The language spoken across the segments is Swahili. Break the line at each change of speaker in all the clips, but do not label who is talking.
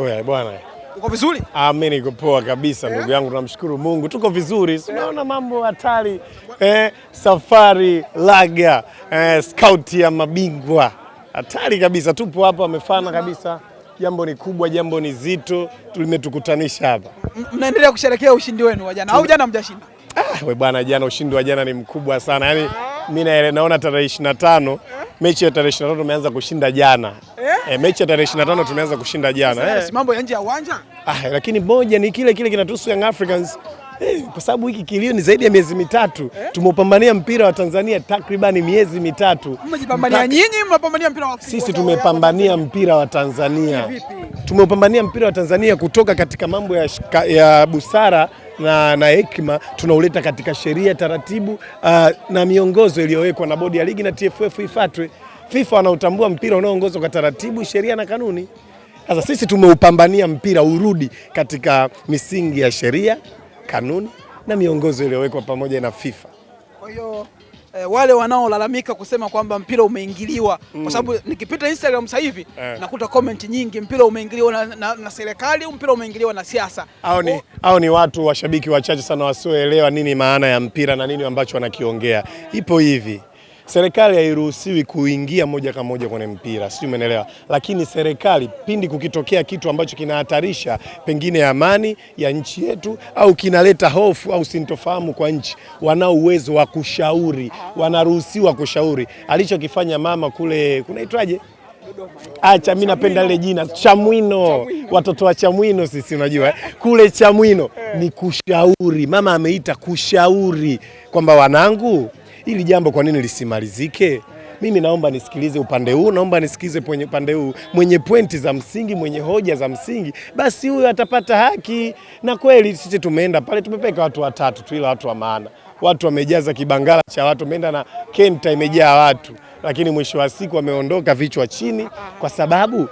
Oya bwana. Uko vizuri? Ah, mimi niko poa kabisa ndugu eh? yangu, namshukuru Mungu tuko vizuri. Unaona mambo hatari eh, safari laga eh, scout ya mabingwa hatari kabisa, tupo hapa, wamefana kabisa. Jambo ni kubwa, jambo ni zito, limetukutanisha hapa.
Mnaendelea kusherehekea ushindi wenu wa jana au jana mjashinda?
Ah, we bwana, jana ushindi wa jana ni mkubwa sana yaani, mimi naona tarehe 25 eh? mechi ya tarehe 25 tumeanza kushinda jana eh? E, mechi ya tarehe 25 tumeanza kushinda jana
eh. Mambo ya nje ya uwanja
ah, lakini moja ni kile kile kinatuhusu Young Africans eh, kwa sababu hiki kilio ni zaidi ya miezi mitatu eh? Tumeupambania mpira wa Tanzania takribani miezi mitatu.
Mmejipambania nyinyi, mmepambania mpira wa
Afrika. Sisi tumepambania mpira wa Tanzania, tumeupambania mpira wa Tanzania kutoka katika mambo ya, ya busara na, na hekima tunauleta katika sheria, taratibu uh, na miongozo iliyowekwa na bodi ya ligi na TFF ifuatwe. FIFA wanautambua mpira unaoongozwa kwa taratibu, sheria na kanuni. Sasa sisi tumeupambania mpira urudi katika misingi ya sheria, kanuni na miongozo iliyowekwa pamoja na FIFA.
Kwa hiyo e, wale wanaolalamika kusema kwamba mpira umeingiliwa mm, kwa sababu nikipita Instagram sasa hivi eh, nakuta comment nyingi, mpira umeingiliwa na, na, na serikali, mpira umeingiliwa na siasa.
Au ni, au ni watu washabiki wachache sana wasioelewa nini maana ya mpira na nini ambacho wanakiongea. Ipo hivi serikali hairuhusiwi kuingia moja kwa moja kwenye mpira, sio, umeelewa? Lakini serikali pindi kukitokea kitu ambacho kinahatarisha pengine amani ya nchi yetu au kinaleta hofu au sintofahamu kwa nchi, wana uwezo wa kushauri, wanaruhusiwa kushauri. Alichokifanya mama kule kunaitwaje? Acha mi napenda lile jina Chamwino, watoto wa Chamwino sisi, unajua eh? kule Chamwino eh. ni kushauri. Mama ameita kushauri kwamba wanangu hili jambo kwa nini lisimalizike? Mimi naomba nisikilize upande huu, naomba nisikilize kwenye upande huu, mwenye pointi za msingi, mwenye hoja za msingi, basi huyo atapata haki. Na kweli sisi tumeenda pale, tumepeka watu watatu tu, ila watu wa maana, watu wamejaza kibangala cha watu, wameenda na kenta imejaa watu, lakini mwisho wa siku wameondoka vichwa chini, kwa sababu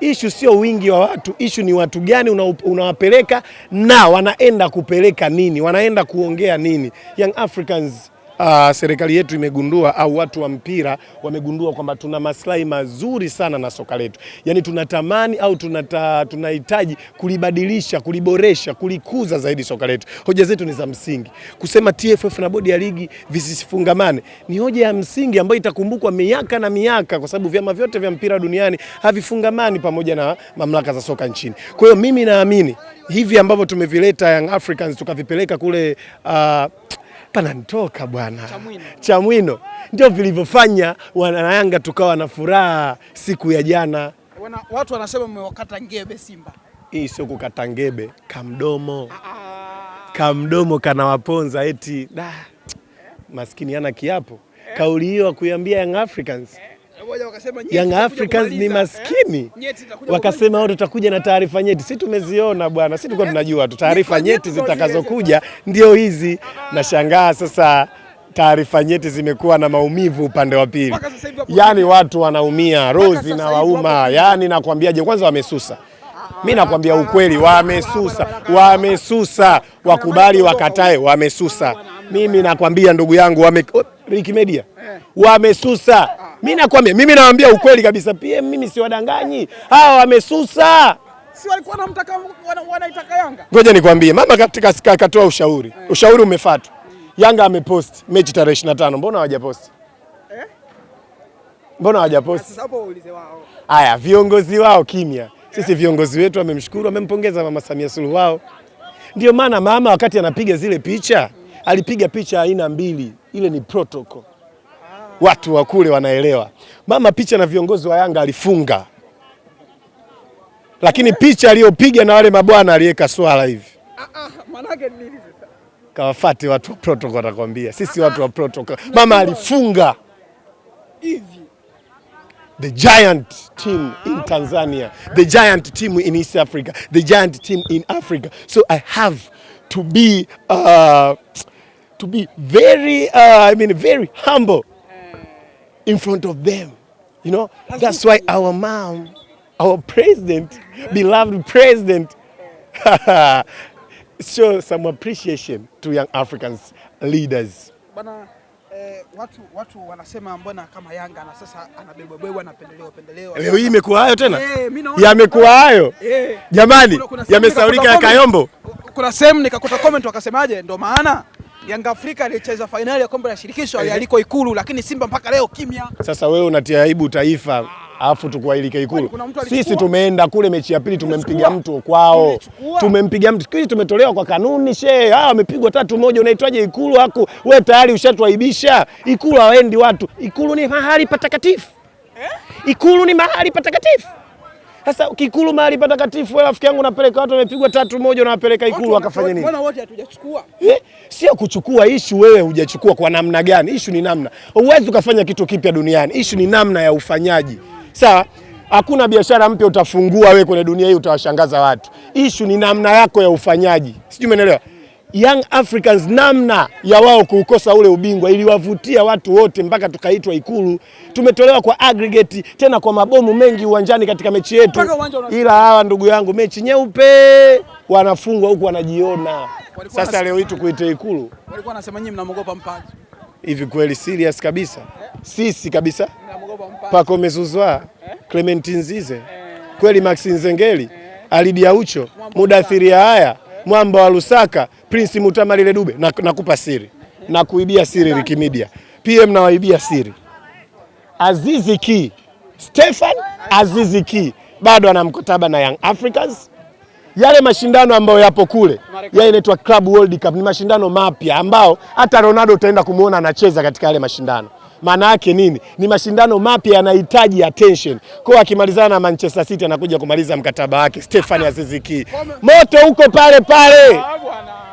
ishu sio wingi wa watu, ishu ni watu gani unawapeleka una na wanaenda kupeleka nini, wanaenda kuongea nini. Young Africans Uh, serikali yetu imegundua au watu wa mpira wamegundua kwamba tuna maslahi mazuri sana na soka letu, yaani tunatamani au tunata, tunahitaji kulibadilisha, kuliboresha, kulikuza zaidi soka letu. Hoja zetu ni za msingi. Kusema TFF na bodi ya ligi visifungamane ni hoja ya msingi ambayo itakumbukwa miaka na miaka, kwa sababu vyama vyote vya mpira duniani havifungamani pamoja na mamlaka za soka nchini. Kwa hiyo mimi naamini hivi ambavyo tumevileta Young Africans tukavipeleka kule uh, pananitoka bwana Chamwino, Chamwino. Ndio vilivyofanya wanayanga tukawa na furaha siku ya jana.
Wana, watu wanasema mmewakata ngebe Simba.
Hii sio kukata ngebe, kamdomo ah, ah. kamdomo kanawaponza eti da, maskini hana kiapo. Eh. Kauli hiyo akuiambia kuiambia Young Africans eh. Young Africans ni maskini eh? Wakasema wao tutakuja na taarifa nyeti, si tumeziona bwana, si tulikuwa eh? tunajua tu taarifa nyeti zitakazokuja ndio hizi. Nashangaa sasa taarifa nyeti zimekuwa na maumivu upande wa pili, yaani watu wanaumia, roho zinawauma, yaani nakwambiaje, kwanza wamesusa Mi nakwambia ukweli, wamesusa, wamesusa, wakubali wakatae, wamesusa. Mimi nakwambia ndugu yangu, wame oh, Rick Media wamesusa. Mi nakwambia, mimi nawaambia ukweli kabisa. pia mimi siwadanganyi, hawa wamesusa. Si walikuwa wanamtaka wanaitaka Yanga. Ngoja nikwambie, mama katika katoa ushauri, eh. ushauri umefuatwa. Yanga amepost mechi tarehe 25, mbona Eh? Mbona hawajaposti? Sasa hapo uulize wao. Aya, viongozi wao kimya sisi viongozi wetu amemshukuru, amempongeza Mama Samia Suluhu wao. Ndio maana mama wakati anapiga zile picha alipiga picha aina mbili, ile ni protocol. Watu wa kule wanaelewa. Mama picha na viongozi wa Yanga alifunga, lakini picha aliyopiga na wale mabwana aliweka swala hivi ah, ah, kawafate watu wa protocol, atakwambia sisi watu wa protocol. Mama alifunga hivi the giant team in Tanzania, the giant team in East Africa, the giant team in Africa. So I have to be uh, to be very uh, I mean very humble in front of them. You know, that's why our mom, our president, beloved president show some appreciation to young Africans leaders.
Bana Eh, watu watu wanasema mbona kama Yanga na sasa anabebwabebwa na pendeleo pendeleo.
Leo eh, hii imekuwa hayo tena eh, yamekuwa hayo eh. jamani, yamesaurika ya Kayombo.
Kuna sehemu nikakuta comment wakasemaje, ndo maana Yanga Afrika alicheza fainali ya kombe la shirikisho aliko Ikulu, lakini Simba mpaka leo kimya.
Sasa wewe unatia aibu taifa alafu tukwailike Ikulu. Sisi tumeenda kule mechi ya pili tumempiga mtu kwao, tumempiga mtu kii, tumetolewa kwa kanuni shee. Hawa wamepigwa tatu moja, unaitwaje Ikulu haku we tayari ushatwaibisha Ikulu. Hawaendi watu, Ikulu ni mahali patakatifu, eh? Ikulu ni mahali patakatifu. Sasa Kikulu mahali patakatifu, wewe rafiki yangu unapeleka watu wamepigwa tatu moja, unawapeleka Ikulu wakafanya nini?
Mbona wote hatujachukua?
Eh, sio kuchukua ishu, wewe hujachukua kwa namna gani? Ishu ni namna, huwezi ukafanya kitu kipya duniani. Ishu ni namna ya ufanyaji sawa. Hakuna biashara mpya utafungua we kwenye dunia hii utawashangaza watu. Issue ni namna yako ya ufanyaji, sijui umeelewa? Young Africans namna ya wao kuukosa ule ubingwa iliwavutia watu wote mpaka tukaitwa Ikulu. Tumetolewa kwa aggregate tena kwa mabomu mengi uwanjani katika mechi yetu, ila hawa ndugu yangu, mechi nyeupe wanafungwa huku wanajiona. Sasa leo hii tukuite Ikulu, walikuwa wanasema nyinyi mnamogopa Mpaji hivi kweli serious kabisa sisi kabisa Pako Mezuzwa, Clementine Zize, kweli Maxi Nzengeli, Alidia Ucho, Mudathiria haya Mwamba wa Lusaka, Prince mutamalile Dube, nakupa na siri na kuibia siri Ricky Media. PM nawaibia siri Azizi Ki, Stefan Azizi Ki bado ana mkataba na Young Africans yale mashindano ambayo yapo kule yale inaitwa Club World Cup, ni mashindano mapya ambao hata Ronaldo utaenda kumuona anacheza katika yale mashindano. Maana yake nini? Ni mashindano mapya yanahitaji attention. Kwa akimalizana na Manchester City anakuja kumaliza mkataba wake Stefan Aziz Moto huko pale pale. Ah,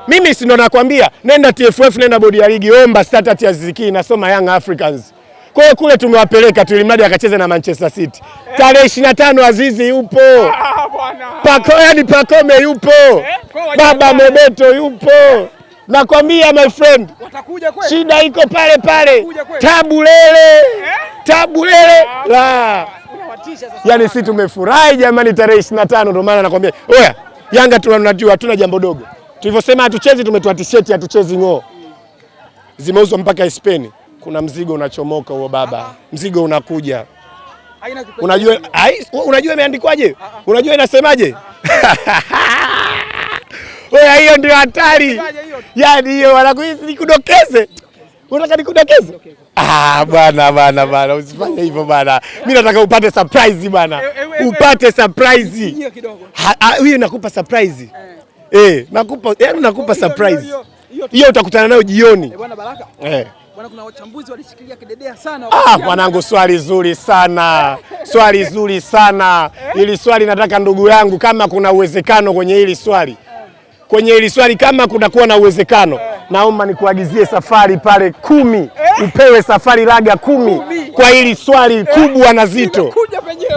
Mimi si ndo nakwambia, nenda TFF, nenda bodi ya ligi, omba starter ya Aziz nasoma Young Africans. Kwa hiyo kule tumewapeleka tulimradi akacheze na Manchester City. Eh. Tarehe 25 Azizi yupo. Ah. Pako, yani Pakome yupo eh? Baba Mebeto yupo, nakwambia my friend, shida iko pale pale Tabulele eh? Tabulele lele ah, la yani si tumefurahi jamani, tarehe ishirini na tano ndio maana nakwambia oya, Yanga tunajua hatuna jambo dogo tulivyosema hatuchezi, tumetoa hatuchezi ng'oo, zimeuzwa mpaka Spain. Kuna mzigo unachomoka huo baba, mzigo unakuja. Unajua unajua imeandikwaje? Ah, ah. Unajua inasemaje? Wewe ah, hiyo ndio hatari. Yaani hiyo wanakuisi nikudokeze. Unataka nikudokeze? Ah, bwana bwana bwana, usifanye hivyo bwana. Mimi nataka upate surprise bwana. Eh, eh, eh, upate surprise. Hiyo nakupa surprise. Eh, nakupa yaani nakupa surprise. Hiyo utakutana nayo jioni. Eh, bwana Baraka. Eh. Bwana, kuna wachambuzi walishikilia kidedea sana. Ah, mwanangu, swali zuri sana swali zuri sana hili swali. Nataka ndugu yangu, kama kuna uwezekano kwenye hili swali kwenye hili swali, kama kutakuwa na uwezekano, naomba nikuagizie safari pale kumi, upewe safari raga kumi kwa hili swali kubwa na zito.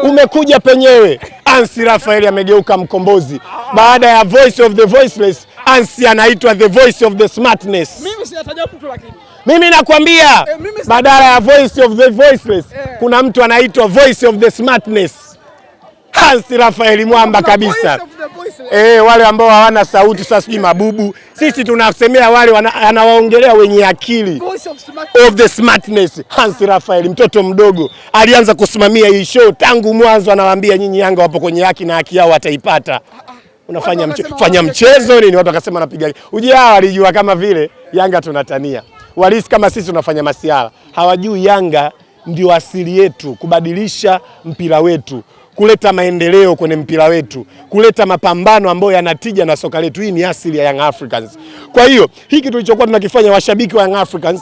Umekuja penyewe. Ansi Rafaeli amegeuka mkombozi baada ya Voice of the Voiceless. Ansi anaitwa the voice of the smartness. Mimi sinatajwa mtu lakini mimi nakwambia eh, badala ya voice of the voiceless eh. kuna mtu anaitwa voice of the smartness. Hans Rafael Mwamba kabisa eh, wale ambao hawana sauti sasa sijui mabubu. Sisi tunasemea wale anawaongelea wenye akili of the smartness. Hans Rafael mtoto mdogo alianza kusimamia hii show tangu mwanzo, anawaambia nyinyi Yanga wapo kwenye haki na haki yao wataipata unafanya mche, fanya mchezo nini? Watu wakasema napiga. Uji hao walijua kama vile Yanga tunatania walihisi kama sisi tunafanya masiala Hawajui Yanga ndio asili yetu, kubadilisha mpira wetu, kuleta maendeleo kwenye mpira wetu, kuleta mapambano ambayo yanatija na soka letu. Hii ni asili ya Young Africans. Kwa hiyo hiki tulichokuwa tunakifanya, washabiki wa Young Africans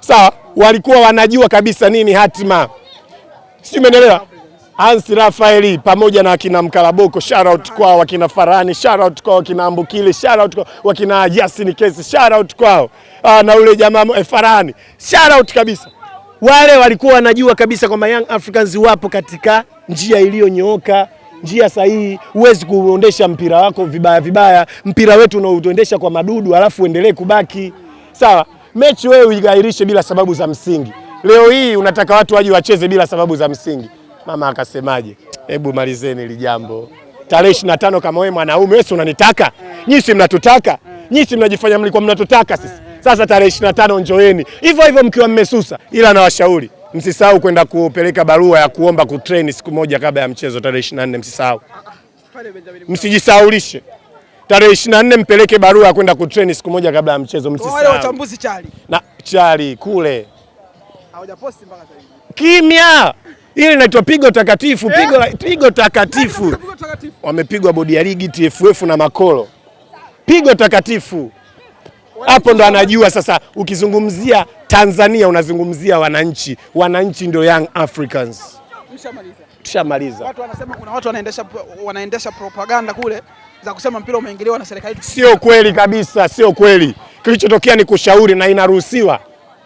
sawa, walikuwa wanajua kabisa nini hatima, si umeelewa? Hans Rafaeli pamoja na akina Mkaraboko, shout out kwao, wakina Farani, shout out kwao, wakina Ambukile, shout out kwao, wakina Justin Kesi, shout out kwao. Aa, ah, na ule jamaa eh, Farani, shout out kabisa. Wale walikuwa wanajua kabisa kwamba Young Africans wapo katika njia iliyonyooka njia sahihi. Huwezi kuondesha mpira wako vibaya vibaya, mpira wetu unaoendesha kwa madudu, alafu uendelee kubaki sawa. Mechi wewe uigairishe bila sababu za msingi. Leo hii unataka watu waje wacheze bila sababu za msingi. Mama akasemaje, hebu malizeni hili jambo tarehe ishirini na tano kama wewe mwanaume wewe unanitaka nyinyi, si mnatutaka nyinyi, si mnajifanya mlikuwa mnatutaka sisi. Sasa tarehe ishirini na tano njoeni hivyo hivyo mkiwa mmesusa, ila nawashauri msisahau kwenda kupeleka barua ya kuomba kutrain siku moja kabla ya mchezo tarehe ishirini na nne msisahau, msijisahulishe tarehe ishirini na nne mpeleke barua ya kwenda kutrain siku moja kabla ya mchezo msisahau.
Wachambuzi chali
na chali kule hawajaposti mpaka sasa hivi kimya. Ile inaitwa pigo takatifu, eh? pigo la pigo takatifu. Wamepigwa bodi ya ligi, TFF na makolo, pigo takatifu. Hapo ndo anajua sasa. Ukizungumzia Tanzania unazungumzia wananchi, wananchi ndio Young Africans. Tushamaliza.
Watu wanasema kuna watu wanaendesha wanaendesha propaganda kule za kusema mpira umeingiliwa na serikali.
Sio kweli kabisa, sio kweli. Kilichotokea ni kushauri na inaruhusiwa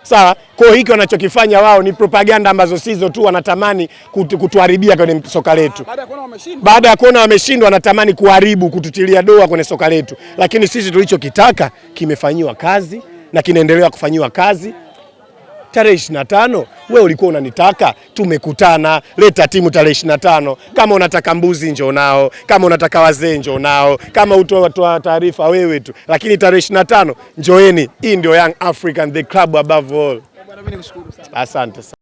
sawa. Kwa hiyo hiki wanachokifanya wao ni propaganda ambazo sizo tu, wanatamani kutuharibia kwenye soka letu. Baada ya kuona wameshindwa, wanatamani kuharibu, kututilia doa kwenye soka letu, lakini sisi tulichokitaka kimefanyiwa kazi na kinaendelea kufanyiwa kazi tarehe 25 we ulikuwa unanitaka, tumekutana, leta timu tarehe 25. Kama unataka mbuzi njoo nao, kama unataka wazee njoo nao, kama utoa taarifa wewe tu, lakini tarehe 25 njoeni. Hii ndio Young African, the club above all. Asante sana.